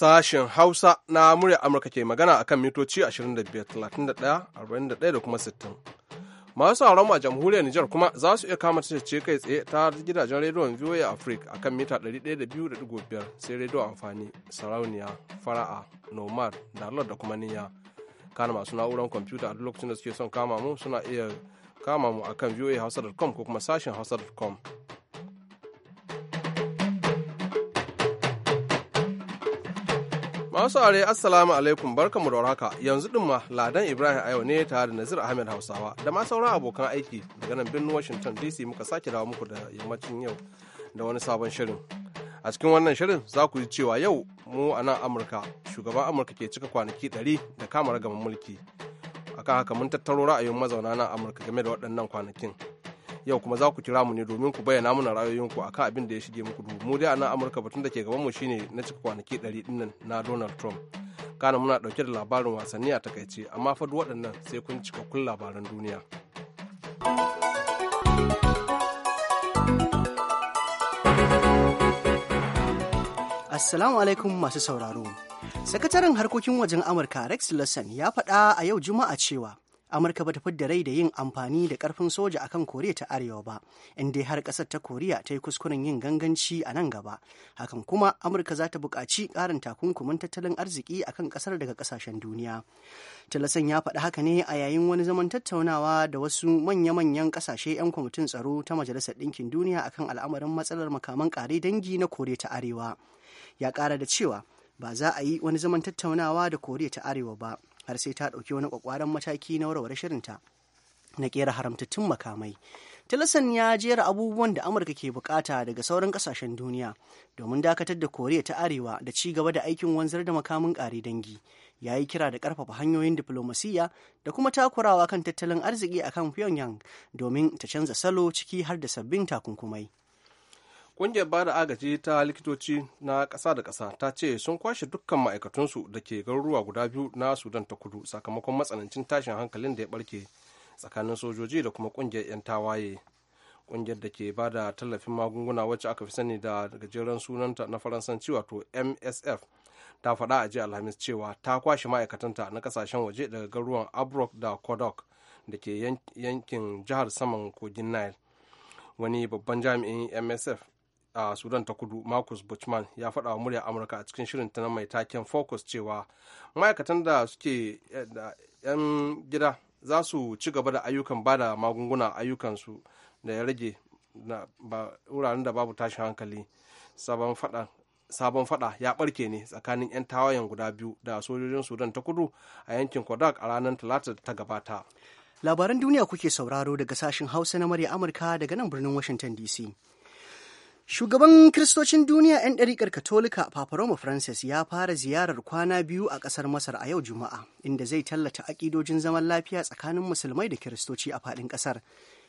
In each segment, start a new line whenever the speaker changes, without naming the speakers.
sashen Hausa na murya Amurka ke magana a kan mitoci 25,31,41 da kuma 60. Masu sauraron a jamhuriyar Nijar kuma za su iya kama ce kai tsaye ta gidajen rediyon VOA Africa a kan mita 102.5 sai rediyo amfani sarauniya fara'a nomad dalar da kuma niyya. Kana masu na'urar kwamfuta a duk lokacin da suke son kama mu suna iya kama mu a akan voahausa.com ko kuma sashen hausa.com. Masu are assalamu alaikum barkamu da warhaka yanzu din ma Ladan Ibrahim a ne tare da Nazir Ahmed Hausawa da ma sauran abokan aiki daga nan birnin Washington DC muka sake dawo muku da yammacin yau da wani sabon shirin. A cikin wannan shirin za ku ji cewa yau mu a nan Amurka shugaban Amurka ke cika kwanaki 100 da kama ragaman mulki. Akan haka mun tattaro ra'ayin mazauna nan Amurka game da waɗannan kwanakin yau kuma za ku kira mu ne domin ku bayyana mana ra'ayoyinku akan abin da ya shige muku duhu mu dai a nan amurka batun da ke gaban mu shine na cika kwanaki 100 dinnan na donald trump kana muna dauke da labarin wasanni a takaice amma fa duk waɗannan sai kun cika kun labaran duniya
Assalamu alaikum masu sauraro. Sakataren harkokin wajen Amurka Rex Lesson ya faɗa a yau Juma'a cewa amurka ba ta fidda rai da yin amfani da ƙarfin soja akan koriya ta arewa ba inda har ƙasar ta koriya ta yi kuskuren yin ganganci a nan gaba hakan kuma amurka za ta buƙaci ƙarin takunkumin tattalin arziki akan ƙasar daga ƙasashen duniya talasan ya faɗi haka ne a yayin wani zaman tattaunawa da wasu manya-manyan ƙasashe 'yan kwamitin tsaro ta majalisar ɗinkin duniya akan al'amarin matsalar makaman ƙare dangi na koriya ta arewa ya ƙara da cewa ba za a yi wani zaman tattaunawa da koriya ta arewa ba har sai ta ɗauki wani ƙwaƙwaran mataki na warware shirinta na kera haramtattun makamai tilasan ya jera abubuwan da amurka ke bukata daga sauran kasashen duniya domin dakatar da koriya ta arewa da ci gaba da aikin wanzar da makamin ƙari dangi ya yi kira da ƙarfafa hanyoyin diflomasiyya da kuma takurawa kan tattalin arziki akan pyongyang domin ta canza salo ciki har da sabbin takunkumai
Ƙungiyar bada agaji ta likitoci na ƙasa da ƙasa ta ce sun kwashe dukkan ma'aikatunsu da ke garuruwa guda biyu na Sudan ta kudu sakamakon matsanancin tashin hankalin da ya barke tsakanin sojoji da kuma ƙungiyar 'yan tawaye. Ƙungiyar da ke ba da tallafin magunguna wacce aka fi sani da gajeren sunanta na Faransanci wato MSF ta faɗa a jiya Alhamis cewa ta kwashe ma'aikatanta na ƙasashen waje daga garuruwan Abrok da Kodok da ke yankin jihar saman kogin Nile. Wani babban jami'in MSF a sudan ta kudu marcus buchman ya faɗa wa murya amurka a cikin shirin ta mai taken focus cewa ma'aikatan da suke eh, da 'yan gida za su ci gaba da ayyukan ba da magunguna ayyukansu da ya rage wuraren da babu tashin hankali sabon fada ya barke ne tsakanin 'yan tawayen guda biyu da sojojin
sudan ta kudu a yankin kodak a ranar talata ta gabata labaran duniya kuke sauraro daga sashen hausa na murya amurka daga nan birnin washington dc Shugaban Kiristocin duniya 'yan ɗariƙar Katolika Papa Roma Francis ya fara ziyarar kwana biyu a ƙasar Masar a yau Juma'a, inda zai tallata aƙidojin zaman lafiya tsakanin musulmai da Kiristoci a faɗin ƙasar.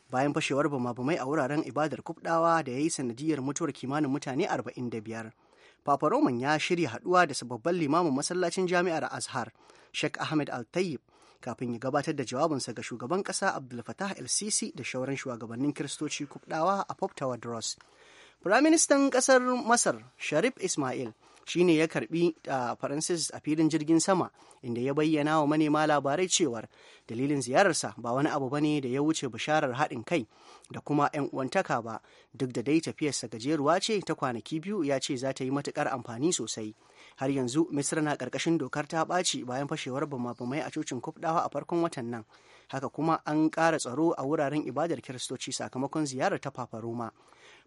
Bayan fashewar bama a wuraren ibadar kubɗawa da ya yi sanadiyar mutuwar kimanin mutane 45. Papa Roman ya shirya haɗuwa da sababbin limamin masallacin jami'ar Azhar, Sheikh Ahmed Al-Tayyib, kafin ya gabatar da jawabinsa ga shugaban ƙasa Abdulfatah Fattah El-Sisi da shauran shugabannin Kiristoci kubɗawa a Pop Tower Dross. Firaministan ƙasar Masar Sharif Ismail shi ne ya karbi a Faransis a filin jirgin sama inda ya bayyana wa manema labarai cewar dalilin ziyararsa ba wani abu bane da ya wuce bisharar haɗin kai da kuma 'yan uwantaka ba duk da dai tafiyarsa gajeruwa ce ta kwanaki biyu ya ce za ta yi matuƙar amfani sosai har yanzu misra na ƙarƙashin dokar ta ɓaci bayan fashewar bama-bamai a cocin kufɗawa a farkon watan nan haka kuma an ƙara tsaro a wuraren ibadar kiristoci sakamakon ziyarar ta papa roma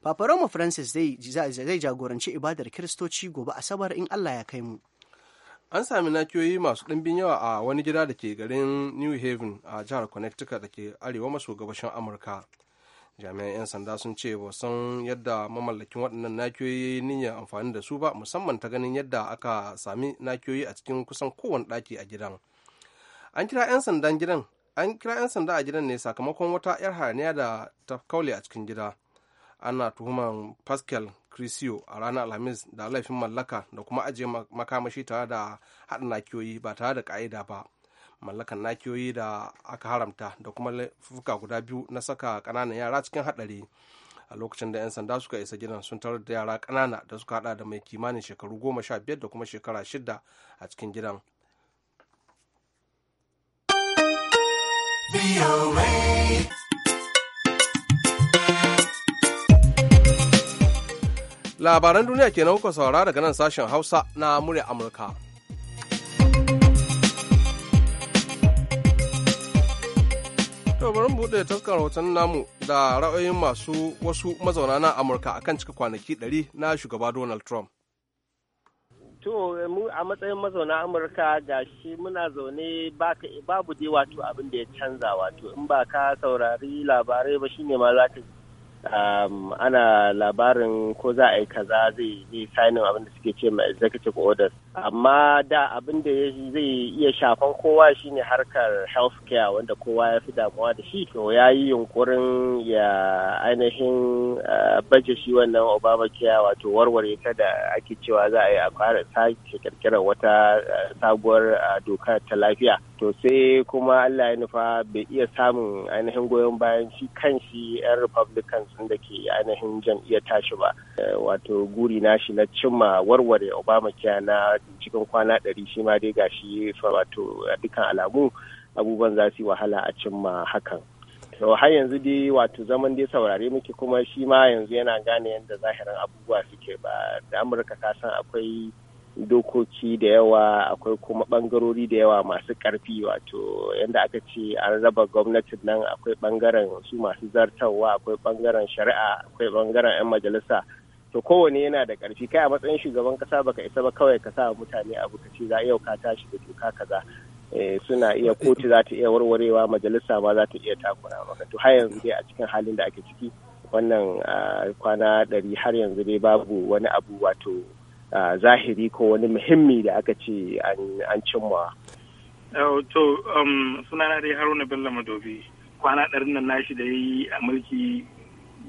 Papa Roma Francis zai jagoranci ibadar Kiristoci gobe Asabar in Allah ya kai mu.
An sami nakiyoyi masu ɗimbin yawa a wani gida da ke garin New Haven a jihar Connecticut da ke arewa maso gabashin Amurka. Jami'an 'yan sanda sun ce ba san yadda mamallakin waɗannan nakiyoyi niyyar amfani da su ba musamman ta ganin yadda aka sami nakiyoyi a cikin kusan kowane ɗaki a gidan. An kira 'yan sandan gidan an kira 'yan sanda a gidan ne sakamakon wata 'yar hayaniya da ta kaule a cikin gida. ana tuhuman pascal crisio a ranar alhamis da laifin mallaka da kuma ajiye makamashi tare da haɗa nakiyoyi ba tare da ƙa'ida ba mallakan nakiyoyi da aka haramta da kuma laifuka guda biyu na saka ƙananan yara cikin haɗari a lokacin da 'yan sanda suka isa gidan sun tarar da yara kanana da suka haɗa da mai kimanin shekaru goma sha biyar da kuma shekara shida a cikin gidan VOA. labaran duniya kenan kuka saurara daga nan sashen hausa na murya amurka tobarin buɗe taskar rahoton namu da ra'ayoyin masu wasu mazauna na Amurka akan cika kwanaki 100 na shugaba Donald Trump.
To mu a matsayin mazauna Amurka ga shi muna zaune babu dai wato abin da ya canza wato in ba ka saurari labarai ba shine ma za ka um, ana labarin ko za a yi kaza zai yi signing abin da suke ce ma executive orders amma da abin da zai iya shafan kowa shine harkar healthcare wanda kowa ya fi damuwa da shi to ya yi yunkurin ya ainihin eh, baje shi wannan obamacare wato warware ta da ake cewa za a yi a fara sake kirkirar wata eh, sabuwar eh, doka ta lafiya to sai kuma allah ya nufa bai iya samun ainihin goyon bayan shi kan shi 'yan republicans da ke ainihin jam'iyyar tashi ba Eh, wato guri na shi na cimma warware obama kya na cikin kwana ɗari shi ma dai gashi wato dukkan alamu abubuwan za su wahala a cimma hakan to har yanzu dai wato zaman dai saurare muke kuma shi ma yanzu yana gane yadda zahirin abubuwa suke ba da amurka ka san akwai dokoki da yawa akwai kuma bangarori da yawa masu karfi wato yadda aka ce an raba gwamnatin nan akwai bangaren su masu zartawa akwai bangaren shari'a akwai bangaren 'yan majalisa to kowane yana da karfi kai a matsayin shugaban kasa baka isa ba kawai ka sa mutane abu ka ce za yau ka tashi da doka kaza eh, suna iya kotu za ta iya warwarewa majalisa ma za ta iya takura maka to har yanzu dai a cikin halin da ake ciki wannan ah, kwana ɗari har yanzu dai babu wani abu wato ah, zahiri ko wani muhimmi da aka ce an cimma. to um, suna na dai haruna bello madobi kwana ɗarin nan nashi da yi a mulki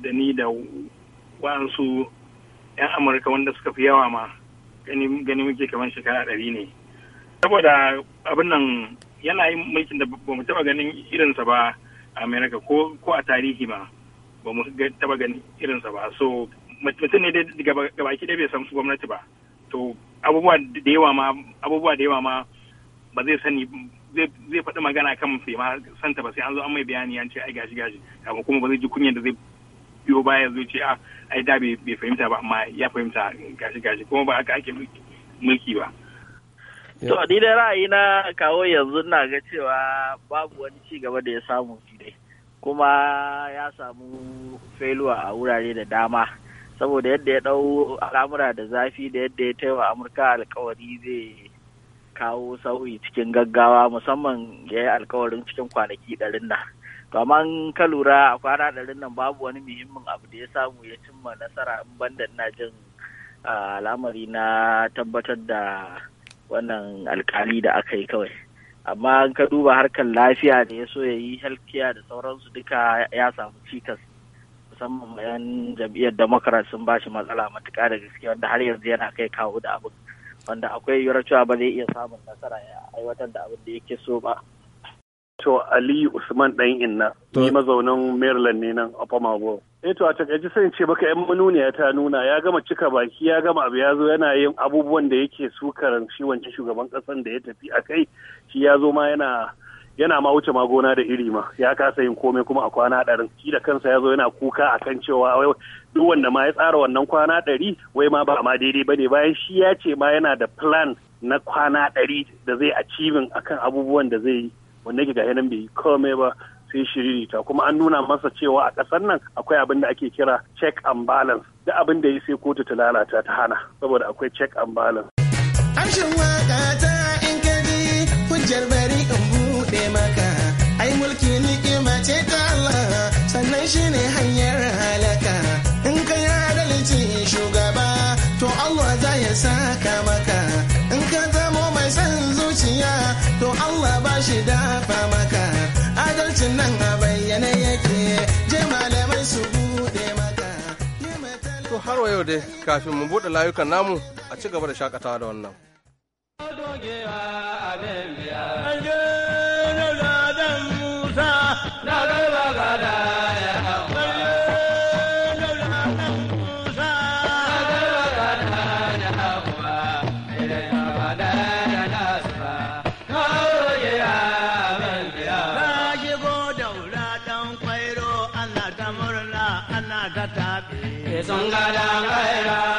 da ni da wa'ansu 'yan amurka wanda suka fi yawa ma gani muke kamar shekara ɗari ne saboda abin nan yana yin mulkin da ba mu taɓa ganin irinsa ba a america ko
a tarihi ma ba mu taɓa ganin irinsa ba so mutum ne dai gabaki ɗaya bai san su gwamnati ba to abubuwa da yawa ma abubuwa da yawa ma
ba zai sani zai faɗi magana kan bai ma santa ba sai an zo an mai bayani an ce ai gashi gashi amma kuma ba zai ji kunyar da zai biyo baya yanzu ce a ah, ai da bai fahimta ba amma ya fahimta gashi gashi kuma ba aka ake mulki ba to ni da ra'ayi na
kawo yanzu na ga cewa babu wani ci gaba da ya samu dai kuma ya samu failure a wurare da dama saboda yadda ya dau al'amura da zafi da yadda ya taiwa amurka alkawari zai kawo sauyi cikin gaggawa musamman ya yi alkawarin cikin kwanaki ɗarin nan kamar ka lura a kwana ɗarin nan babu wani muhimmin abu da ya samu ya cimma nasara in banda ina jin al'amari na tabbatar da wannan alkali da aka yi kawai amma in ka duba harkar lafiya da ya so ya yi healthcare da sauransu duka ya samu cikas musamman bayan jam'iyyar democrat sun ba shi matsala matuka da gaske wanda har yanzu yana kai kawo da abin wanda akwai yiwuwar cewa ba zai iya samun nasara ya aiwatar
da abin da yake so ba to Ali Usman ɗan inna. Ni mazaunin Maryland ne nan a Marlboro. Eh to a ji sai ce maka yan manuniya ta nuna ya gama cika baki ya gama abu ya zo yana yin abubuwan da yake sukaran shi shugaban ƙasan da ya tafi a kai shi ya zo ma yana yana ma wuce ma gona da iri ma ya kasa yin komai kuma a kwana ɗarin shi da kansa ya zo yana kuka a kan cewa duk wanda ma ya tsara wannan kwana ɗari wai ma ba ma daidai ne bayan shi ya ce ma yana da plan na kwana ɗari da zai achieving akan abubuwan da zai yi wanda yake gashi bai yi komai ba sai shiririta kuma an nuna masa cewa a ƙasar nan akwai abin da ake kira check and balance da abin da ya sai kotu ta lalata ta hana saboda akwai check and balance. Harshen waka
in ka hujjar bari in buɗe maka ai mulki ni'ima ce ta Allah sannan shi ne hanya adalci dafa maka adalcin nan a bayyane yake je malamai su bude maka
to har yau dai kafin mu bude layukan namu a ci gaba da shakatawa da wannan
dogewa abin Narayana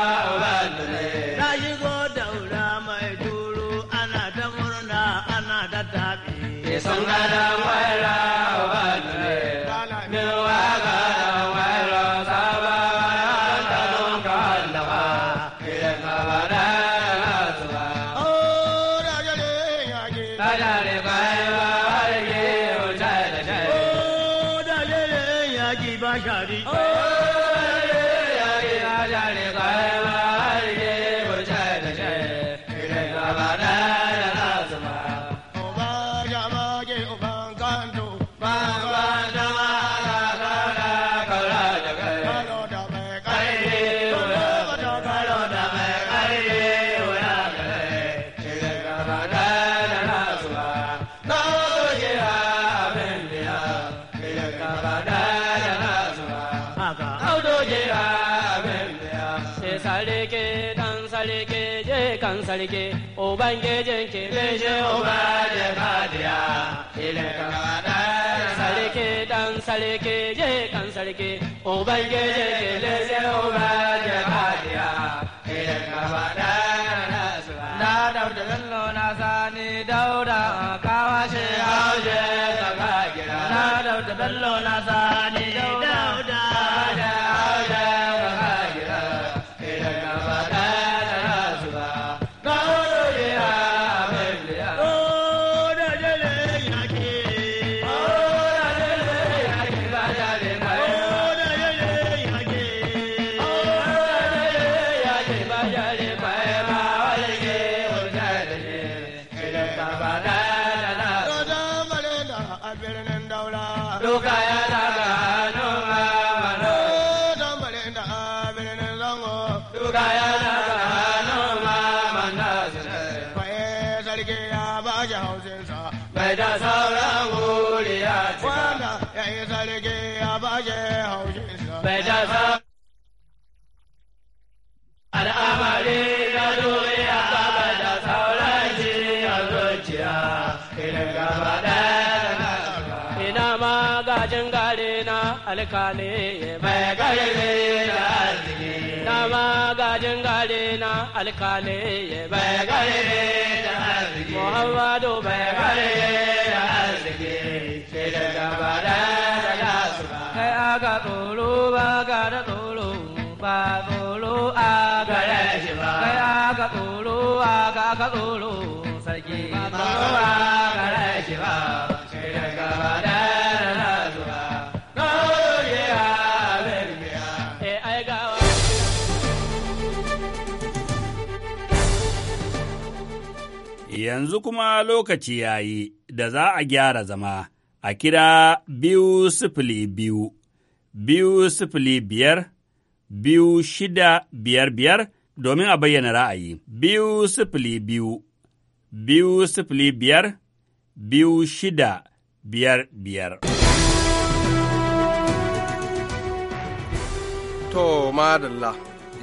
sarki ubangijin ki bishe ubaje fadiya ile kama sarki dan sarki je kan sarki ubangijin ki bishe ubaje fadiya ile kama na dauda zallo na sani dauda kawashe hauje ta na dauda zallo na sani Madhukaya alkali mai garbe da arziki dama gajin gare na alkali mai garbe da arziki muhammadu mai garbe da arziki shi da gaba da da kai tsoro ba ga da tsoro ba tsoro aga da shi ba kai aga tsoro aga ga tsoro sarki ba tsoro aga da shi ba shi da gaba da yanzu kuma lokaci ya yi da za a gyara zama a kira biyu sifili biyu, biyu sifili biyar, biyu shida biyar biyar domin a bayyana ra'ayi, biyu sifili biyu, biyu sifili biyar,
biyu shida biyar biyar. To, madalla,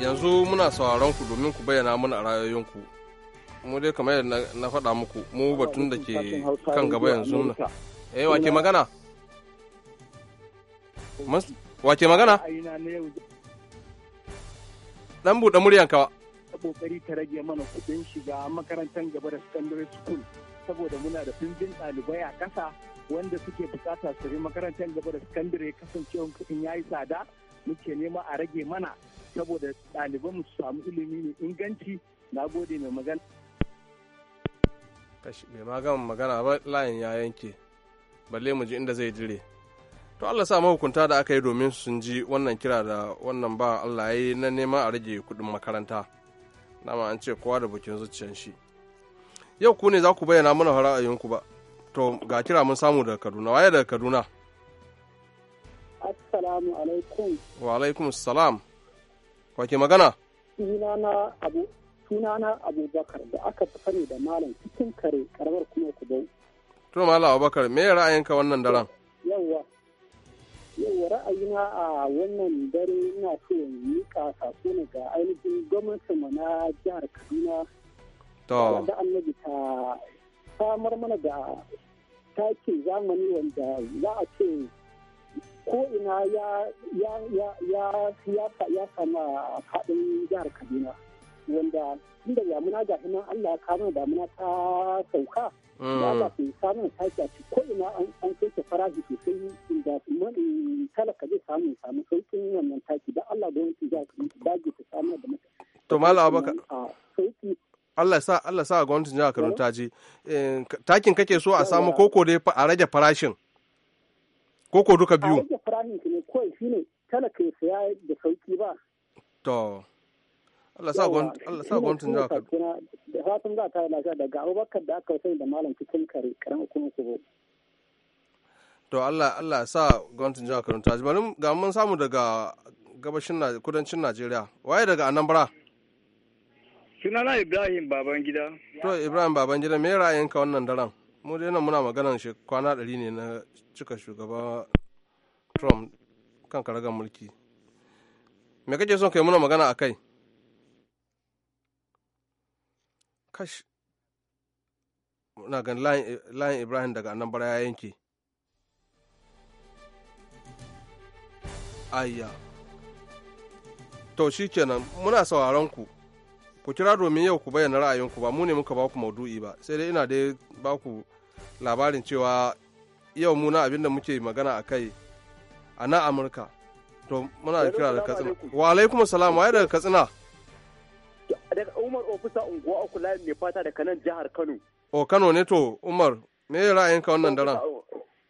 yanzu muna sauraron ku domin ku bayyana mana ra'ayoyinku. mu dai kamar yadda na faɗa muku mu batun da ke kan gaba yanzu eh, na eh wake magana wake magana dan buɗe muryan kawa
kokari ta rage mana kuɗin shiga makarantar gaba da secondary school saboda muna da ɗimbin ɗalibai a ƙasa wanda suke bukata su makarantar gaba da secondary kasancewar kuɗin ya yi tsada muke nema a rage mana saboda ɗaliban su samu
ilimi mai inganci na gode mai magana.
kashi bai ma gama magana ba layin ya yanke balle mu ji inda zai dire to Allah sa mahukunta da aka yi domin sun ji wannan kira da wannan ba Allah ya yi na neman a rage kuɗin makaranta dama an ce kowa da bukin zuciyan shi yau ku ne za ku bayyana mana ra'ayinku ba to ga kira mun samu daga Kaduna waye daga Kaduna
Assalamu alaikum
wa alaikum salam kwa ke magana
Sunana Abu sunana abubakar da aka fi sani da malam cikin kare karamar kuma kubau
to malam abubakar me ra'ayinka wannan daren
yawwa yawwa ra'ayina a wannan dare ina so in yi kasa ne ga ainihin gwamnatinmu na jihar kaduna to da annabi ta samar mana da takin zamani wanda za a ce ko'ina ya sama faɗin jihar kaduna wanda tun da damuna ga hinan Allah ya kama damuna ta sauka
mm.
ya ba
su samun taki a ci ko ina an soke farashi sosai inda talaka zai samu samun sauƙin wannan taki da Allah don su za su dage su samun da mata.
To Malam Abubakar. Allah sa Allah sa gwamnatin jihar Kano ta je. Eh, takin kake so a samu koko dai a rage farashin. Koko duka biyu. A
rage farashin ne kawai shine talaka ya saya da sauki ba. To. Allah sa gwamnatin jihar Kaduna. Da fatan za ta lafiya daga Abubakar da aka sani da malam cikin kare karamin hukumar Kubo.
To Allah Allah sa gwamnatin jihar Kaduna ta ji ga mun samu daga gabashin kudancin Najeriya. Waye daga Anambra?
Sunana Ibrahim Babangida.
To Ibrahim Babangida me ra'ayinka wannan daren? Mu dai nan muna maganar kwana ɗari ne na cika shugaba Trump kan karagar mulki. Me kake son kai muna magana a kai? kash na gani layin ibrahim daga annan bara ya yanke ayya to shi kenan muna sauraron ku ku kira domin yau ku bayyana ra'ayinku ba mu ne muka baku maudu'i ba sai dai ina dai baku labarin cewa yau mu na abinda muke magana a kai a nan amurka to muna da kira da katsina wa alaikum salam waye daga katsina
daga Umar Ofisa Unguwa uku layin mai fata da kanan jihar Kano.
O Kano ne to Umar me ra'ayinka wannan daren?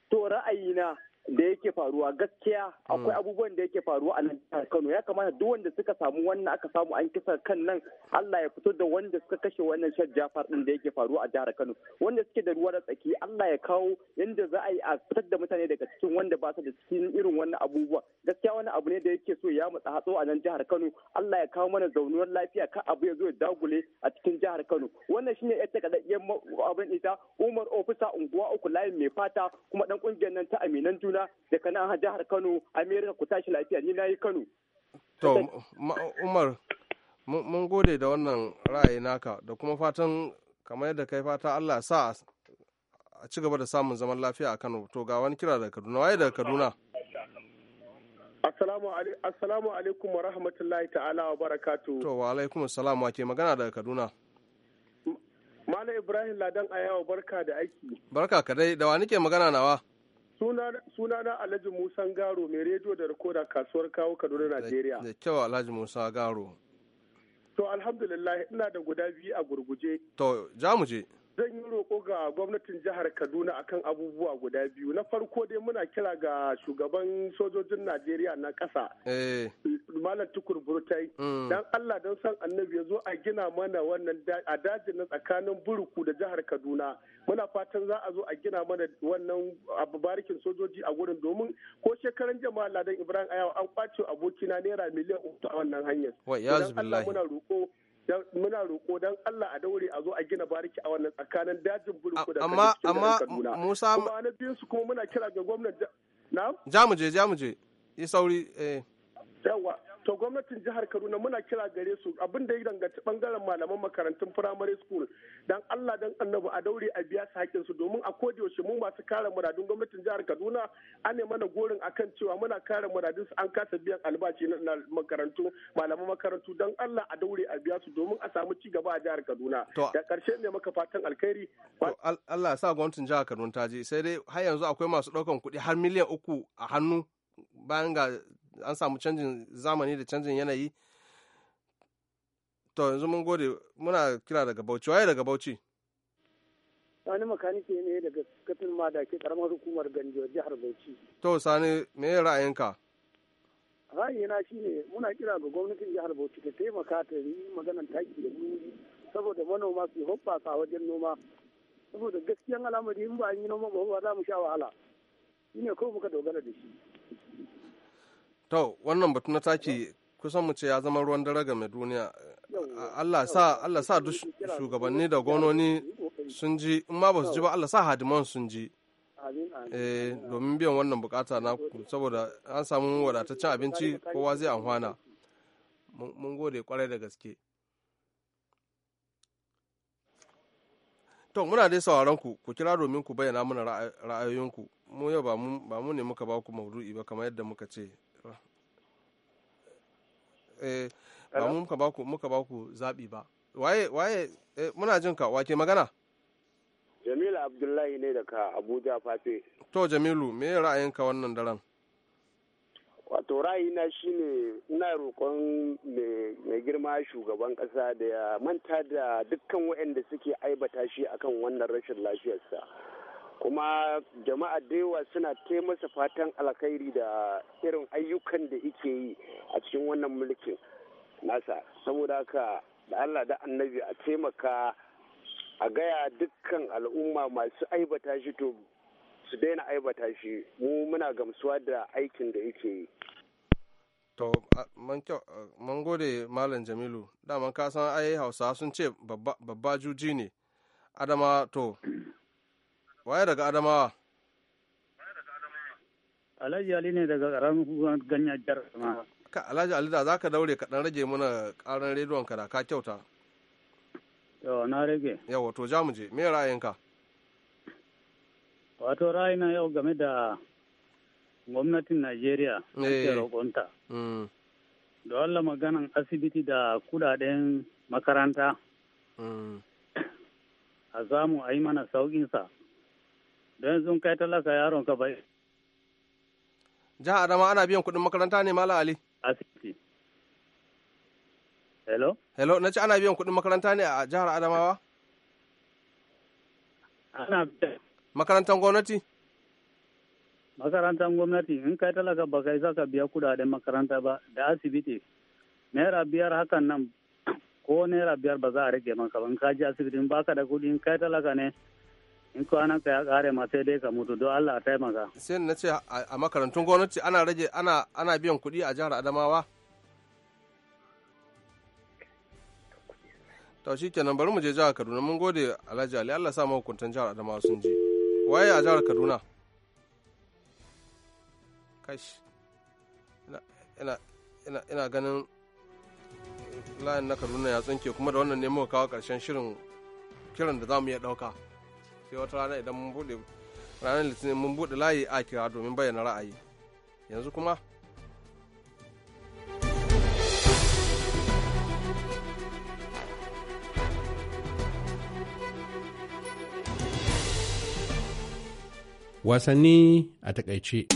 To ra'ayina da yake faruwa gaskiya akwai mm. abubuwan da yake faruwa a nan Kano ya kamata duk wanda suka samu wannan aka samu an kisa kan nan Allah ya fito da wanda suka kashe wannan shan Jafar din da yake faruwa a jihar Kano wanda suke da ruwa da tsaki Allah ya kawo yanda za a yi a fitar da mutane daga cikin wanda ba su da cikin irin wannan abubuwa gaskiya wani abu ne da yake so ya mutsa hatso a nan jihar Kano Allah ya kawo mana zaunuwar lafiya ka abu ya zo ya dagule a cikin jihar Kano wannan shine ya taka da abin ita Umar Ofisa unguwa uku layin mai fata kuma dan kungiyar nan ta aminan juna Kaduna daga nan jihar Kano Amerika ku tashi lafiya ni nayi Kano. To Umar
mun gode da wannan ra'ayi naka da kuma fatan kamar yadda kai fata Allah sa a ci gaba da samun zaman lafiya a Kano to ga wani kira daga Kaduna waye daga Kaduna.
Assalamu alaikum wa rahmatullahi ta'ala wa barakatu. To
wa alaikum assalam wa ke magana daga Kaduna.
Malam Ibrahim Ladan Ayawa barka da aiki.
Barka kadai da wa nike magana nawa?
suna na alhaji Musa garo mai rediyo da rikoda kasuwar kawo kaduna najeriya
da kyau alhaji musa garo
to alhamdulillah ina da guda biyu a gurguje
to za mu je
zan yi roƙo ga gwamnatin jihar kaduna akan abubuwa guda biyu na farko dai muna kira ga shugaban sojojin najeriya na ƙasa eh. malam tukur burtai mm. dan allah don san annabi ya zo a gina mana wannan a dajin na tsakanin buruku da jihar kaduna muna fatan za a zo a gina mana wannan barikin sojoji a gurin domin ko shekaran jama'a ladan ibrahim ayawa an kwace abokina naira miliyan uku a wannan hanyar.
Wai, muna
roƙo muna roƙo don Allah a daure a zo a gina bariki a wannan tsakanin dajin burku da amma amma Musa kuma na biyun su kuma muna kira ga gwamnati na
jamuje jamuje
yi sauri eh yawa to gwamnatin jihar kaduna muna kira gare su abin da ya danganci bangaren malaman makarantun primary school dan allah dan annabi a daure a biya su hakkin su domin a koda yaushe mu masu kare muradun gwamnatin jihar kaduna an ne mana gorin akan cewa muna kare muradun su an kasa biyan albashi na makarantu malaman makarantu dan allah a daure a biya su domin a samu ci gaba a jihar kaduna da karshe ne maka fatan alkhairi
allah sa gwamnatin jihar kaduna ta je sai dai har yanzu akwai masu daukan kuɗi har miliyan uku a hannu bayan ga an samu canjin zamani da canjin yanayi to yanzu mun gode muna kira daga bauchi waye daga bauchi
sani makaniki ne daga katin ma da ke karamar hukumar ganjo jihar bauchi
to sani me ra'ayinka
ra'ayina shine muna kira ga gwamnatin jihar bauchi ta taimaka ta yi maganan taki da wuri saboda manoma su hoppasa wajen noma saboda gaskiyan al'amari in ba an yi noma ba za mu sha wahala shine ko muka dogara da shi
to wannan batu na taki kusan mu ce ya zama ruwan dare game duniya Allah sa Allah sa duk shugabanni da gononi sun ji in ma ba su ji ba Allah sa hadiman sun ji eh domin biyan wannan bukata na saboda an samu wadataccen abinci kowa zai amfana mun gode kwarai da gaske to muna dai sauraron ku ku kira domin ku bayyana mana ra'ayoyinku mu yau ba mu ne muka ba ku maudu'i ba kamar yadda muka ce Eh, ba mu muka baku muka baku zabi ba waye waye eh, muna jin ka wake magana
Jamilu Abdullahi ne daga Abuja Fafe
to Jamilu me ra'ayinka wannan daren
wato ra'ayina shine ina roƙon mai girma shugaban ƙasa da ya manta da dukkan waɗanda suke aibata shi akan wannan rashin lafiyarsa kuma jama'a da yawa suna taimasa fatan alkhairi da irin ayyukan da yake yi a cikin wannan mulkin nasa saboda haka da allah da annabi a taimaka a gaya dukkan al'umma masu aibata shi to su daina aibata shi mu muna gamsuwa da aikin da yake yi
to mun gode malam jamilu daman ka san ai hausa sun ce babba juji ne adama to waye daga adamawa alhaji ali ne daga ƙaramin
ganyen jihar adamawa
ka alhaji ali da ka daure ka dan rage mana karan rediyon ka da ka kyauta yawa na rage yawa to ja mu je me ra'ayinka wato ra'ayina yau game da gwamnatin najeriya
na ke eh. roƙonta mm. da wallah maganan asibiti da kudaden makaranta mm. a zamu a yi mana sauƙinsa
don sun kai talaka yaron ka bai jihar adama ana biyan kuɗin makaranta ne mala ali asibiti hello hello na ce ana biyan kuɗin makaranta ne a jihar adamawa ana makarantar gwamnati
makarantar gwamnati in kai talaka ba kai saka biya kudaden makaranta ba da asibiti naira biyar hakan nan
ko naira biyar ba za a rage maka ba in ka asibiti in baka da kuɗi in kai talaka ne in kwananka ya kare ma sai dai ka mutu don Allah a taimaka.
Sai na ce a makarantun gwamnati ana rage ana ana biyan kuɗi a jihar Adamawa. To shi kenan bari mu je jihar Kaduna mun gode Alhaji Ali Allah sa mahukuntan jihar Adamawa sun ji. Waye a jihar Kaduna? Kashi. Ina ina ina ganin layin na Kaduna ya tsinke kuma da wannan ne muka kawo karshen shirin kiran da za mu iya ɗauka. sai wata rana idan mun bude ranar litinin mun bude layi a kira domin bayyana ra'ayi yanzu kuma wasanni a takaice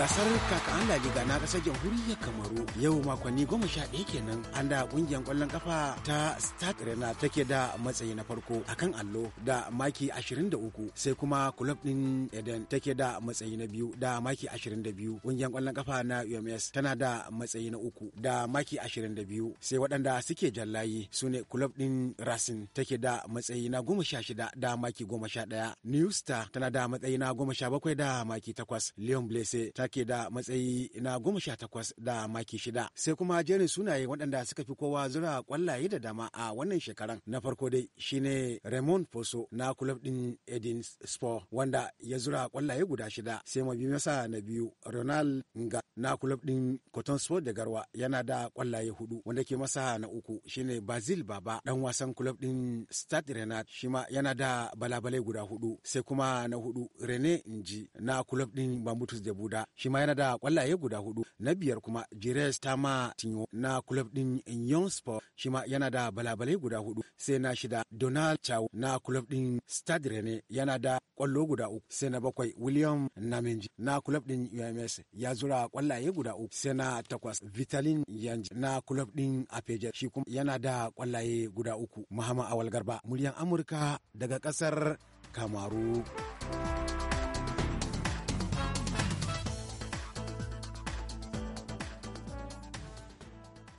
gasar kaka kakan ga na kasar jamhuriyar kamaru yau makonni goma sha ɗaya kenan an da ƙungiyar ƙwallon kafa ta stade rena take da matsayi na farko akan allo da maki 23 sai kuma kulob ɗin eden take da matsayi na biyu da maki 22 ƙungiyar ƙwallon kafa na ums tana da matsayi na uku da maki 22 sai waɗanda suke jallayi su ne kulob ɗin rasin take da matsayi na goma sha shida da maki goma sha ɗaya new star tana da matsayi na goma sha bakwai da maki takwas leon blaise ta ke da matsayi na goma sha takwas da maki shida sai kuma jerin sunaye waɗanda suka fi kowa zura kwallaye da dama a wannan shekaran na farko dai shine Raymond Poso na kulob din Edin Sport wanda ya zura kwallaye guda shida sai mabi masa na biyu Ronald Nga na kulob din Cotton Sport da Garwa yana da kwallaye hudu wanda ke masa na uku shine Basil Baba dan wasan kulob din Stade Renat shi ma yana da balabalai guda hudu sai kuma na hudu Rene Nji na kulob din Bambutus da Buda shi ma yana da kwallaye guda hudu na biyar kuma jires ta ma tinyo na club din young sport shi ma yana da balabalai guda hudu sai na shida donald chow na club din stade rene yana da kwallo guda uku sai na bakwai william namenji na club din ums ya zura kwallaye guda uku sai na takwas vitalin yanji na club din apeja shi kuma yana da kwallaye guda uku muhammad awal garba muryan amurka daga kasar kamaru.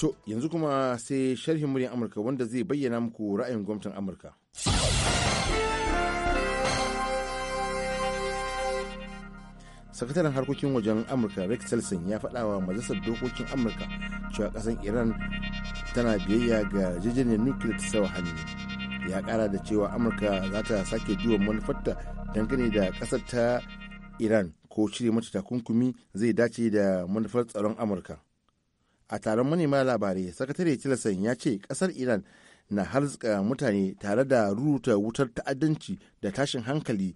To yanzu kuma sai sharhin muryar Amurka wanda zai bayyana muku ra'ayin gwamnatin Amurka. sakataren harkokin wajen amurka rex tillerson ya faɗa wa majalisar dokokin amurka cewa ƙasar iran tana biyayya ga yarjejeniyar nukiliya ta sawa hannu ya ƙara da cewa amurka za ta sake duba manufarta dangane da ƙasar ta iran ko cire mata takunkumi zai dace da manufar tsaron amurka a taron manema labarai sakatare tilasan ya ce kasar iran na harzika mutane tare da ruruta wutar ta'addanci da tashin hankali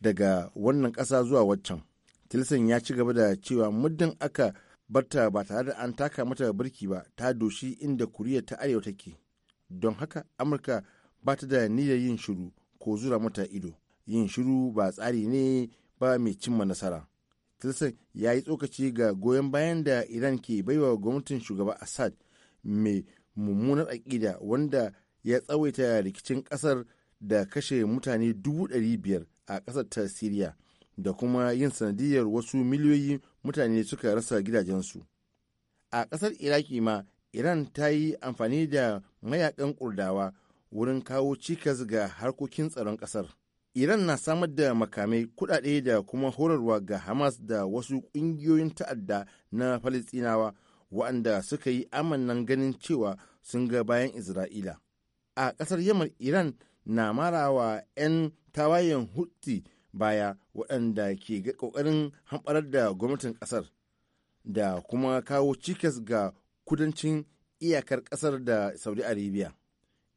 daga wannan kasa zuwa waccan tilasan ya ci gaba da cewa muddin aka barta ba tare da an taka mata birki ba ta doshi inda kuriya ta arewa take don haka amurka ba ta da niyyar yin shiru ko zura mata ido yin shiru ba tsari ne ba mai cimma nasara tilson ya yi tsokaci ga goyon bayan da iran ke baiwa gwamnatin shugaba assad mai mummunar aƙida wanda ya tsawaita rikicin ƙasar da kashe mutane dubu biyar a ƙasar ta siriya da kuma yin sanadiyar wasu miliyoyi mutane suka rasa gidajensu a ƙasar iraki ma iran ta yi amfani da mayakan kurdawa wurin kawo cikas ga harkokin tsaron ƙasar Iran na samar da makamai kuɗaɗe da kuma horarwa ga Hamas da wasu ƙungiyoyin ta'adda na Falistinawa waɗanda suka yi amannan ganin cewa sun ga bayan Isra'ila. A ƙasar Yamar Iran na marawa 'yan tawayen Houthi baya waɗanda ke ga ƙoƙarin hamɓarar da gwamnatin ƙasar da kuma kawo cikas ga kudancin iyakar ƙasar da Saudi Arabia.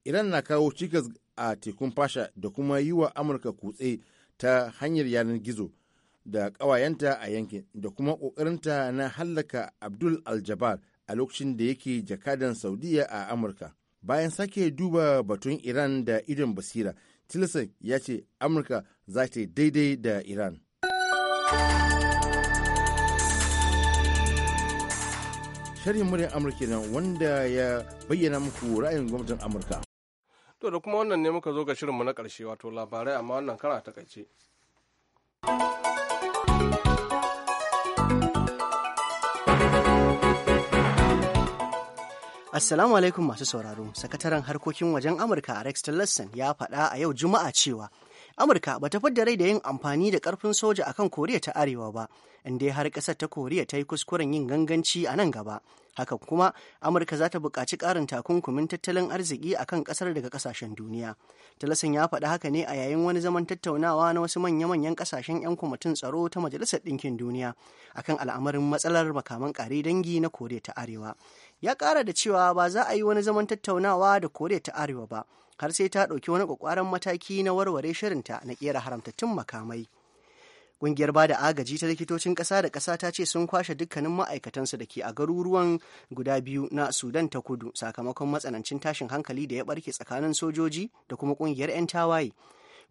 Iran na kawo cikas a tekun fasha da kuma yi wa amurka kutse ta hanyar yanar gizo da ƙawayenta a yankin da kuma kokarinta na hallaka abdul aljabar a lokacin da yake jakadan saudiya a amurka bayan sake duba batun iran da idon basira tillerson ya ce amurka za ta daidai da iran sharhin muryar amurka nan wanda ya bayyana muku ra'ayin gwamnatin amurka
To da kuma wannan ne muka zo ga shirinmu na ƙarshe wato labarai amma wannan kara ta kaice.
Assalamu alaikum masu sauraro, sakataren harkokin wajen Amurka Rex Tillerson ya faɗa a yau Juma'a cewa amurka ba ta fidda rai da yin amfani da ƙarfin soja a kan koriya ta arewa ba inda har ƙasar ta koriya ta yi kuskuren yin ganganci a nan gaba haka kuma amurka za ta buƙaci ƙarin takunkumin tattalin arziki a kan ƙasar daga ƙasashen duniya talasan ya faɗi haka ne a yayin wani zaman tattaunawa na wasu manya-manyan ƙasashen 'yan kwamitin tsaro ta majalisar ɗinkin duniya a kan al'amarin matsalar makaman ƙari dangi na koriya ta arewa ya ƙara da cewa ba za a yi wani zaman tattaunawa da koriya ta arewa ba har sai ta ɗauki wani ƙwaƙwaran mataki na warware shirinta na ƙera haramtattun makamai. Ƙungiyar bada agaji ta likitocin ƙasa da ƙasa ta ce sun kwashe dukkanin ma'aikatansu da ke a garuruwan guda biyu na Sudan ta kudu sakamakon matsanancin tashin hankali da ya ɓarke tsakanin sojoji da kuma ƙungiyar 'yan tawaye.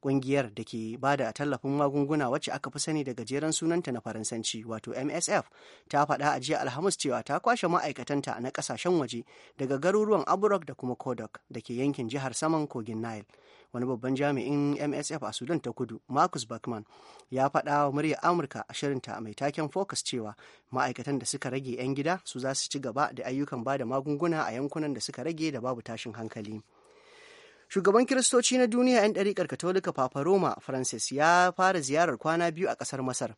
Ƙungiyar da ke ba da tallafin magunguna wacce aka fi sani da gajeren sunanta na Faransanci wato MSF ta faɗa a jiya Alhamis cewa ta kwashe ma'aikatanta na ƙasashen waje daga garuruwan Aburok da kuma Kodok da ke yankin jihar saman kogin Nile. wani babban jami'in msf a sudan ta kudu marcus bachman ya faɗa wa muryar amurka a shirinta mai taken focus cewa ma'aikatan da suka rage 'yan gida su za su ci gaba da ayyukan ba da magunguna a yankunan da suka rage da babu tashin hankali. shugaban kiristoci na duniya 'yan ɗariƙar katolika papa roma francis ya fara ziyarar kwana biyu a ƙasar masar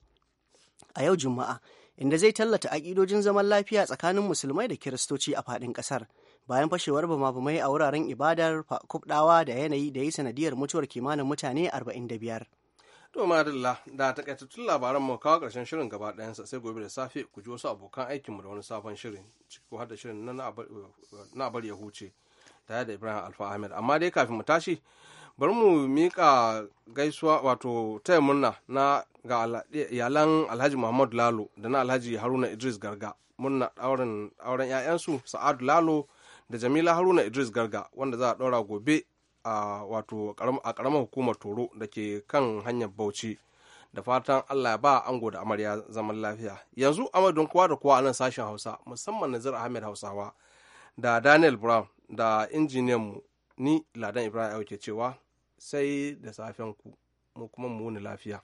a yau juma'a inda zai tallata aƙidojin zaman lafiya tsakanin musulmai da kiristoci a faɗin ƙasar bayan fashewar bama a wuraren ibadar kubɗawa da yanayi da yi sanadiyar mutuwar kimanin mutane 45
To madalla da takaitattun labaran mu kawo karshen shirin gaba ɗayansa sai gobe da safe ku ji wasu abokan aikinmu da wani sabon shirin ciki ko da shirin na bari ya huce. tare da ibrahim alfa ahmed amma dai kafin mu tashi bari mu mika gaisuwa wato taya murna na ga iyalan alhaji muhammadu lalo da na alhaji haruna idris garga murna auren 'ya'yansu sa'adu lalo da jamila haruna idris garga wanda za a ɗaura gobe a wato a karamar hukumar toro da ke kan hanyar bauchi da fatan allah ya ba ango da amarya zaman lafiya yanzu amadon kowa da kowa a nan sashen hausa musamman nazir ahmed hausawa da daniel brown da injiniyan mu ni ladan ibrahim ke cewa sai da safen ku mu kuma mu wuni lafiya